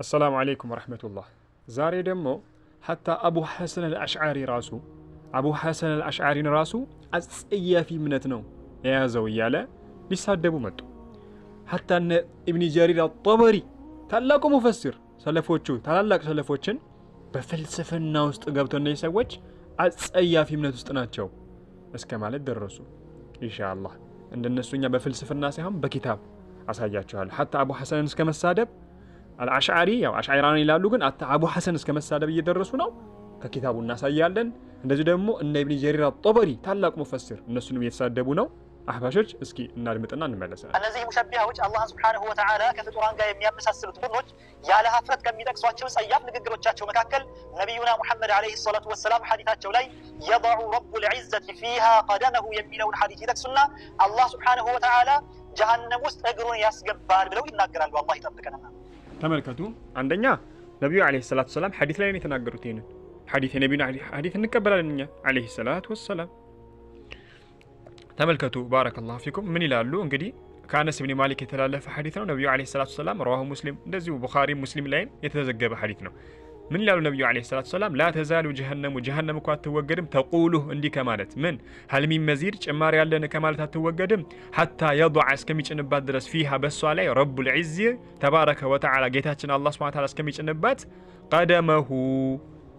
السلام عليكم ورحمة الله زاري دمو حتى أبو حسن الأشعاري راسو أبو حسن الأشعاري راسو أسئيا في منتنو يا زويالة ليس هدبو متو حتى أن ابن جرير الطبري تلاكو مفسر سلفوچو تلاك سلفوچن بفلسفة الناوست قبطو نيسا وچ أسئيا في منتو استناتشو بس كمال الدرسو إن شاء الله عند النسوين بفلسفة الناس هم بكتاب أسأل حتى أبو حسن نسكم السادب አልአሽዓሪ ያው አሽዓራን ይላሉ፣ ግን አቡ ሐሰን እስከ መሳደብ እየደረሱ ነው። ከኪታቡ እናሳያለን። እንደዚህ ደግሞ እነ ኢብኒ ጀሪር አጦበሪ ታላቁ ሙፈስር እነሱንም እየተሳደቡ ነው አህባሾች። እስኪ እናድምጥና እንመለሳለን። እነዚህ ሙሸቢያዎች አላህን ሱብሓነሁ ወተዓላ ከፍጡራን ጋር የሚያመሳስሉት ቡድኖች ያለ ሀፍረት ከሚጠቅሷቸው ጸያፍ ንግግሮቻቸው መካከል ነቢዩና ሙሐመድ ዓለይሂ ሰላቱ ወሰላም ሐዲታቸው ላይ የضዑ ረቡል ዒዘቲ ፊሃ ቀደመሁ የሚለውን ሀዲት ይጠቅሱና አላህ ሱብሓነሁ ወተዓላ ጀሃነም ውስጥ እግሩን ያስገባል ብለው ይናገራሉ። አላህ ይጠብቀንና ተመልከቱ። አንደኛ ነቢዩ ዓለይሂ ሰላቱ ወሰላም ሐዲት ላይ ነው የተናገሩት። ይህንን ሐዲት የነቢዩን ሐዲት እንቀበላለን እኛ ዓለይሂ ሰላቱ ወሰላም። ተመልከቱ ባረከላሁ ፊኩም ምን ይላሉ እንግዲህ ከአነስ ብኒ ማሊክ የተላለፈ ሐዲት ነው። ነቢዩ ዓለይሂ ሰላቱ ወሰላም ረዋሁ ሙስሊም እንደዚሁ ቡኻሪ ሙስሊም ላይም የተዘገበ ሐዲት ነው። من لا النبي عليه الصلاة والسلام لا تزال جهنم جهنم كوات توجدم تقوله عندي كمالت من هل مين مزير أماري على كمالت توجدم حتى يضع اسكميش إن بدرس فيها بس عليه رب العزة تبارك وتعالى جيتها الله سبحانه وتعالى اسكميش إن بات قدمه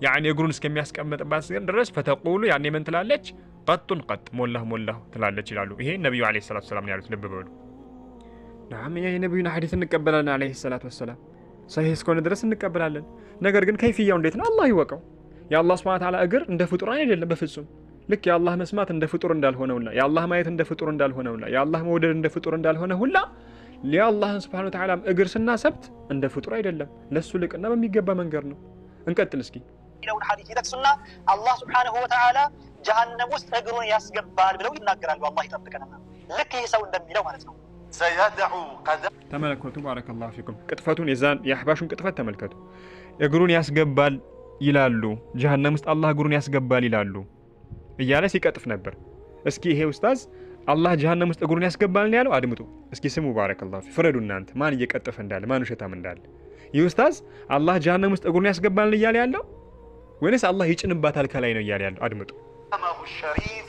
يعني يقولون اسكميش اسكميت بس درس فتقوله يعني من تلالج قد قد مله مله تلالج يلالو هي النبي عليه الصلاة والسلام يعرف نبي نعم يا نبينا حديث نقبلنا عليه الصلاة والسلام ሰሂህ እስከሆነ ድረስ እንቀበላለን። ነገር ግን ከይፍያው እንዴት ነው አላህ ይወቀው። የአላህ ስብሐት ተዓላ እግር እንደ ፍጡር አይደለም በፍጹም ልክ የአላህ መስማት እንደ ፍጡር እንዳልሆነውና የአላህ ማየት እንደ ፍጡር እንዳልሆነውና የአላህ መውደድ እንደ ፍጡር እንዳልሆነ ሁላ የአላህን ስብሐነ ወተዓላ እግር ስናሰብት እንደ ፍጡር አይደለም፣ ለሱ ልቅና በሚገባ መንገድ ነው። እንቀጥል እስኪ የሚለውን ሐዲስ ይጠቅሱና አላህ ወተዓላ ጀሃነም ውስጥ እግሩን ያስገባል ብለው ይናገራሉ። አላህ ይጠብቀንና ልክ ይህ ሰው እንደሚለው ማለት ነው። ሰየደዑ ቀደ ተመለከቱ። ባረከላሁ ፊኩም ቅጥፈቱን የዛን የአሕባሹን ቅጥፈት ተመልከቱ። እግሩን ያስገባል ይላሉ። ጀሀነም ውስጥ አላህ እግሩን ያስገባል ይላሉ እያለ ሲቀጥፍ ነበር። እስኪ ይሄ ኡስታዝ አላህ ጀሀነም ውስጥ እግሩን ያስገባል ያለው? አድምጡ እስኪ ስሙ። ባረከላሁ ፊ ፍረዱ እናንተ ማን እየቀጠፈ እንዳለ ማን ውሸታም እንዳለ። ይህ ኡስታዝ አላህ ጀሃነም ውስጥ እግሩን ያስገባል እያለ ያለው ወይንስ አላህ ይጭንባታል ከላይ ነው እያለ ያለው? አድምጡ ሸሪፍ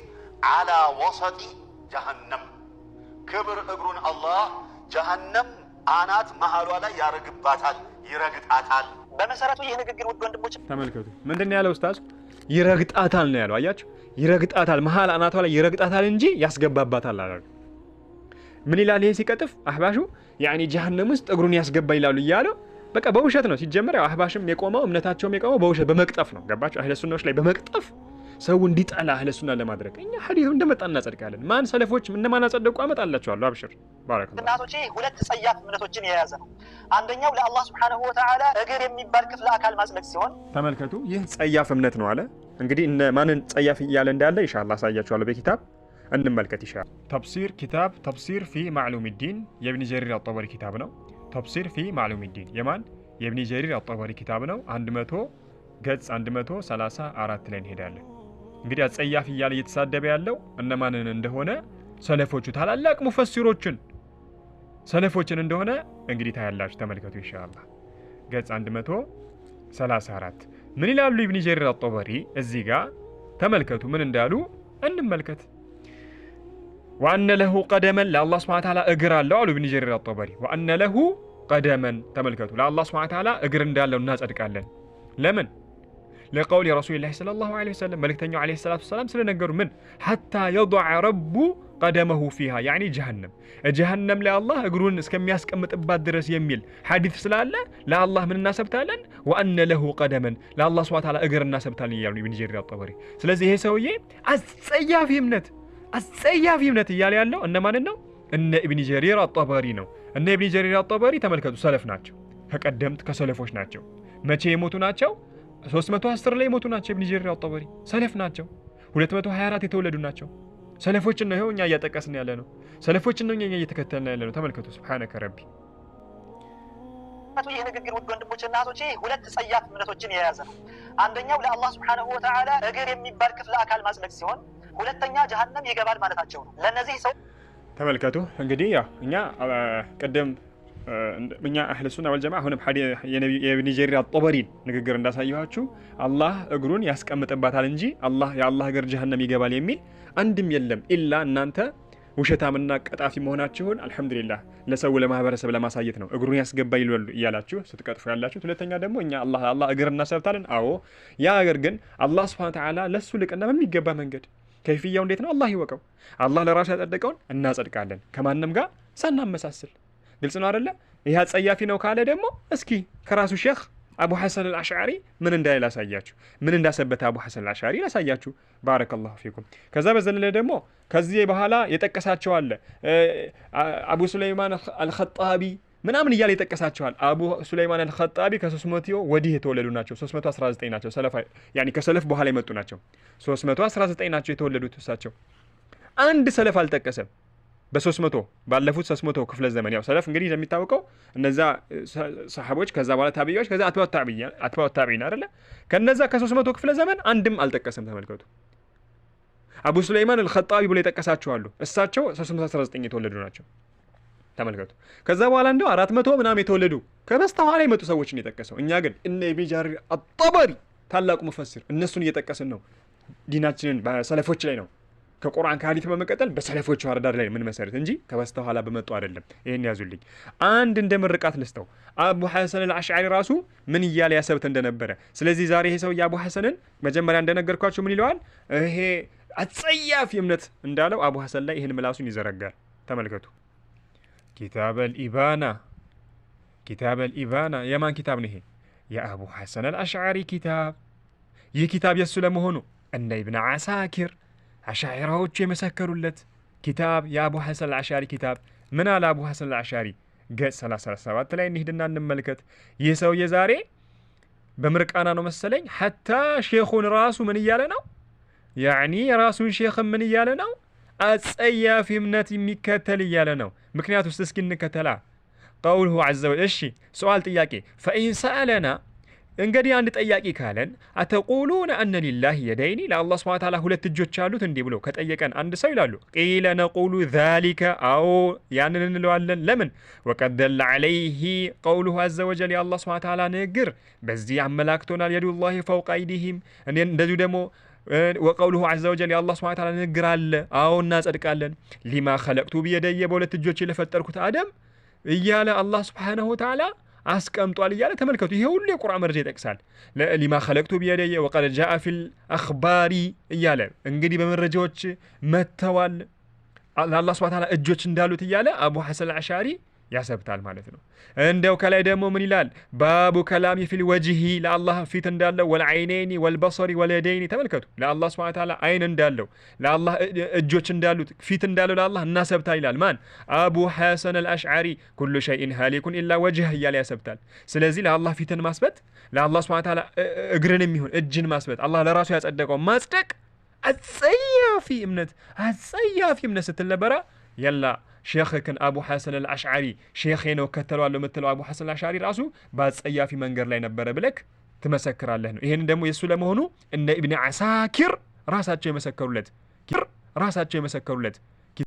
ዐላ ወሰጢ ጀሀነም ክብር እግሩን አላህ ጀሀነም አናት መሀሏ ላይ ያረግባታል፣ ይረግጣታል። በመሰረቱ ይህ ንግግር ውድ ወንድሞች ተመልከቱ፣ ምንድን ነው ያለው ኡስታዝ? ይረግጣታል ነው ያለው። አያችሁ፣ ይረግጣታል፣ መሀል አናቷ ላይ ይረግጣታል እንጂ ያስገባባታል አላሉ። ምን ይላል ይሄ ሲቀጥፍ አህባሹ ያኔ ጀሀነም ውስጥ እግሩን ያስገባ ይላሉ እያለ በቃ በውሸት ነው ሲጀመር። ያው አህባሽም የቆመው እምነታቸውም የቆመው በውሸት በመቅጠፍ ነው። ገባችሁ? አህለ ሱናዎች ላይ በመቅጠፍ ሰው እንዲጠላ እህለሱና ለማድረግ እኛ ሐዲሱ እንደመጣ እናጸድቃለን። ማን ሰለፎች እነማን አጸደቁ አመጣላችኋለሁ። አብሽር ባረክ። እናቶቼ ሁለት ጸያፍ እምነቶችን የያዘ ነው። አንደኛው ለአላህ ሱብሓነሁ ወተዓላ እግር የሚባል ክፍለ አካል ማጽለቅ ሲሆን ተመልከቱ፣ ይህ ጸያፍ እምነት ነው አለ። እንግዲህ እነ ማንን ጸያፍ እያለ እንዳለ ኢንሻአላህ አሳያችኋለሁ በኪታብ እንመልከት ይሻል። ተፍሲር ኪታብ ተፍሲር ፊ ማዕሉም ዲን የብኒ ጀሪር አጠበሪ ኪታብ ነው። ተፍሲር ፊ ማዕሉም ዲን የማን የብኒ ጀሪር አጠበሪ ኪታብ ነው። 100 ገጽ 134 ላይ እንሄዳለን። እንግዲህ አጸያፊ እያለ እየተሳደበ ያለው እነማንን እንደሆነ ሰለፎቹ ታላላቅ ሙፈሲሮችን ሰለፎችን እንደሆነ እንግዲህ ታያላችሁ። ተመልከቱ ኢንሻአላህ ገጽ 134 ምን ይላሉ ኢብኒ ጀሪር አጦበሪ እዚህ ጋር ተመልከቱ ምን እንዳሉ እንመልከት። ወአነ ለሁ ቀደመን ለአላህ ሱብሓነሁ ወተዓላ እግር አለው አሉ ኢብኒ ጀሪር አጦበሪ። ወአነ ለሁ ቀደመን ተመልከቱ፣ ለአላህ ሱብሓነሁ ወተዓላ እግር እንዳለው እናጸድቃለን። ለምን لقول رسول الله صلى الله عليه وسلم ملك تنيو عليه الصلاة والسلام سلنا من حتى يضع رب قدمه فيها يعني جهنم جهنم لله يقولون اسكم ياسك أمت أباد درس يميل حديث سلا لا الله من الناس ابتالن وأن له قدما لا الله سبحانه وتعالى أقر الناس ابتالن يعني من جري الطوري سلزي هي سوية السيا في منت السيا في منت يالي الله أنما ننو أن ابن جرير الطبري نو أن ابن جرير الطبري تملكته سلف ناتشو هكا دمت كسلفوش ناتشو ما تشي يموتو ناتشو 310 ላይ የሞቱ ናቸው። ጀሪር ጠበሪ ሰለፍ ናቸው። 224 የተወለዱ ናቸው። ሰለፎችን ነው እኛ እያጠቀስን ያለ ነው። ሰለፎች ነው እኛ እየተከተልን ያለ ነው። ተመልከቱ። ስብሓነከ ረቢ ይህ ንግግር ውድ ወንድሞችና እህቶቼ ሁለት ጸያፍ እምነቶችን የያዘ ነው። አንደኛው ለአላህ ስብሓነሁ ወተዓላ እግር የሚባል ክፍለ አካል ማጽደቅ ሲሆን፣ ሁለተኛ ጀሀነም ይገባል ማለታቸው ነው። ለእነዚህ ሰው ተመልከቱ እንግዲህ ያ እኛ ቅድም እኛ አህል ሱና ወልጀማ አሁን የኒጀሪያ ጦበሪን ንግግር እንዳሳየኋችሁ አላህ እግሩን ያስቀምጥባታል እንጂ አላህ የአላህ እግር ጀሀነም ይገባል የሚል አንድም የለም። ኢላ እናንተ ውሸታምና ቀጣፊ መሆናችሁን አልሐምዱሊላህ ለሰው ለማህበረሰብ ለማሳየት ነው እግሩን ያስገባ ይሉ እያላችሁ ስትቀጥፉ ያላችሁት። ሁለተኛ ደግሞ እኛ አላህ እግር እናሰብታለን። አዎ ያ እግር ግን አላህ ስብሐነ ተዓላ ለእሱ ልቅና በሚገባ መንገድ ከይፍያው እንዴት ነው አላህ ይወቀው። አላህ ለራሱ ያጸደቀውን እናጸድቃለን ከማንም ጋር ሳናመሳስል ግልጽ ነው አደለ? ይህ አጸያፊ ነው ካለ ደግሞ እስኪ ከራሱ ሼክ አቡ ሐሰን አልአሽዓሪ ምን እንዳለ ላሳያችሁ፣ ምን እንዳሰበተ አቡ ሐሰን አልአሽዓሪ ላሳያችሁ። ባረከላሁ ፊኩም። ከዛ በዘለለ ደግሞ ከዚህ በኋላ የጠቀሳቸው አለ አቡ ሱለይማን አልኸጣቢ ምናምን እያለ ይጠቀሳቸዋል። አቡ ሱለይማን አልኸጣቢ ከ300 ወዲህ የተወለዱ ናቸው። 319 ናቸው። ከሰለፍ በኋላ የመጡ ናቸው። 319 ናቸው የተወለዱት እሳቸው። አንድ ሰለፍ አልጠቀሰም። በሶስት መቶ ባለፉት መቶ ክፍለ ዘመን ያው ሰለፍ እንግዲህ እንደሚታወቀው እነዛ ሰሓቦች ከዛ በኋላ ታብያዎች ከዛ አትባው ታቢይን አይደለ ከነዛ ከሶስት መቶ ክፍለ ዘመን አንድም አልጠቀሰም። ተመልከቱ። አቡ ሱለይማን አልኸጣቢ ብሎ የጠቀሳቸው አሉ። እሳቸው 319 የተወለዱ ናቸው። ተመልከቱ። ከዛ በኋላ እንደው መቶ ምናምን የተወለዱ ከበስተኋላ የመጡ ሰዎችን የጠቀሰው እኛ ግን እነ ኢብን ጃሪር ታላቁ መፈስር እነሱን እየጠቀስን ነው። ዲናችንን በሰለፎች ላይ ነው ከቁርአን ከሀዲት በመቀጠል በሰለፎቹ አረዳድ ላይ መሰረት እንጂ ከበስተኋላ በመጡ አይደለም። ይህን ያዙልኝ። አንድ እንደ ምርቃት ልስተው አቡ ሐሰን አልአሽዓሪ ራሱ ምን እያለ ያሰብት እንደነበረ። ስለዚህ ዛሬ ይሄ ሰውዬ አቡ ሐሰንን መጀመሪያ እንደነገርኳቸው ምን ይለዋል? ይሄ አጸያፊ እምነት እንዳለው አቡ ሐሰን ላይ ይህን ምላሱን ይዘረጋል። ተመልከቱ። ኪታበል ኢባና ኪታበል ኢባና። የማን ኪታብ ነው ይሄ? የአቡ ሐሰን አልአሽዓሪ ኪታብ። ይህ ኪታብ የእሱ ለመሆኑ እነ ኢብን አሳኪር عشائره مسكروا لت كتاب يا أبو حسن العشاري كتاب من على أبو حسن العشاري قد سلا سلا سلا تلا إني هدنا أن الملكت يسو يزاري بمرك أنا نمسلين حتى شيخون راسو من يالنا يعني راسو شيخ من يالنا أسأيا في منتي مكتل يالنا مكنيات استسكن كتلا قوله عز وجل إشي سؤال تياكي فإن سألنا እንግዲህ አንድ ጠያቂ ካለን አተቁሉነ አነ ሊላህ የደይኒ ለአላህ ስብሐነ ተዓላ ሁለት እጆች አሉት እንዲህ ብሎ ከጠየቀን አንድ ሰው ይላሉ ቂለ ነቁሉ ዛሊከ አዎ ያንን እንለዋለን። ለምን ወቀድ ደለ ዐለይሂ ቀውሉሁ አዘ ወጀል የአላህ ስብሐነ ተዓላ ንግግር በዚህ አመላክቶናል። የዱላሂ ፈውቀ አይዲሂም እንደዚሁ ደግሞ ወቀውሉሁ አዘ ወጀል የአላህ ስብሐነ ተዓላ ንግግር አለ። አዎ እናጸድቃለን። ሊማ ኸለቅቱ ብየደየ በሁለት እጆች ለፈጠርኩት አደም እያለ አላህ ስብሐነሁ ተዓላ አስቀምጧል እያለ ተመልከቱ። ይሄ ሁሉ የቁርአን መረጃ ይጠቅሳል። ሊማ ኸለቅቱ ቢየደየ ወቀድ ጃአ ፊል አኽባሪ እያለ እንግዲህ በመረጃዎች መጥተዋል ለአላህ ስብሐት ተዓላ እጆች እንዳሉት እያለ አቡ ሐሰን አልአሻሪ ያሰብታል ማለት ነው። እንደው ከላይ ደግሞ ምን ይላል? ባቡ ከላሚ ፊል ወጅሂ ለአላህ ፊት እንዳለው ወልአይነይኒ ወልበሰሪ ወልየደይኒ ተመልከቱ። ለአላህ ስብሐነ ተዓላ አይን እንዳለው ለአላህ እጆች እንዳሉት ፊት እንዳለው ለአላህ እናሰብታል ይላል። ማን አቡ ሐሰን አልአሽዓሪ ኩሉ ሸይን ሀሊኩን ኢላ ወጅህ እያለ ያሰብታል። ስለዚህ ለአላህ ፊትን ማስበት፣ ለአላህ ስብሐነ ተዓላ እግርን የሚሆን እጅን ማስበት፣ አላህ ለራሱ ያጸደቀው ማጽደቅ አጸያፊ እምነት አጸያፊ እምነት ስትል ነበራ የላ ሼክህን አቡ ሐሰን አልአሽዓሪ ሼኼ ነው ከተለዋለሁ የምትለው አቡ ሐሰን አልአሽዓሪ ራሱ በአጸያፊ መንገድ ላይ ነበረ ብለክ ትመሰክራለህ ነው። ይህን ደግሞ የእሱ ለመሆኑ እነ ኢብን አሳኪር ራሳቸው የመሰከሩለት ራሳቸው የመሰከሩለት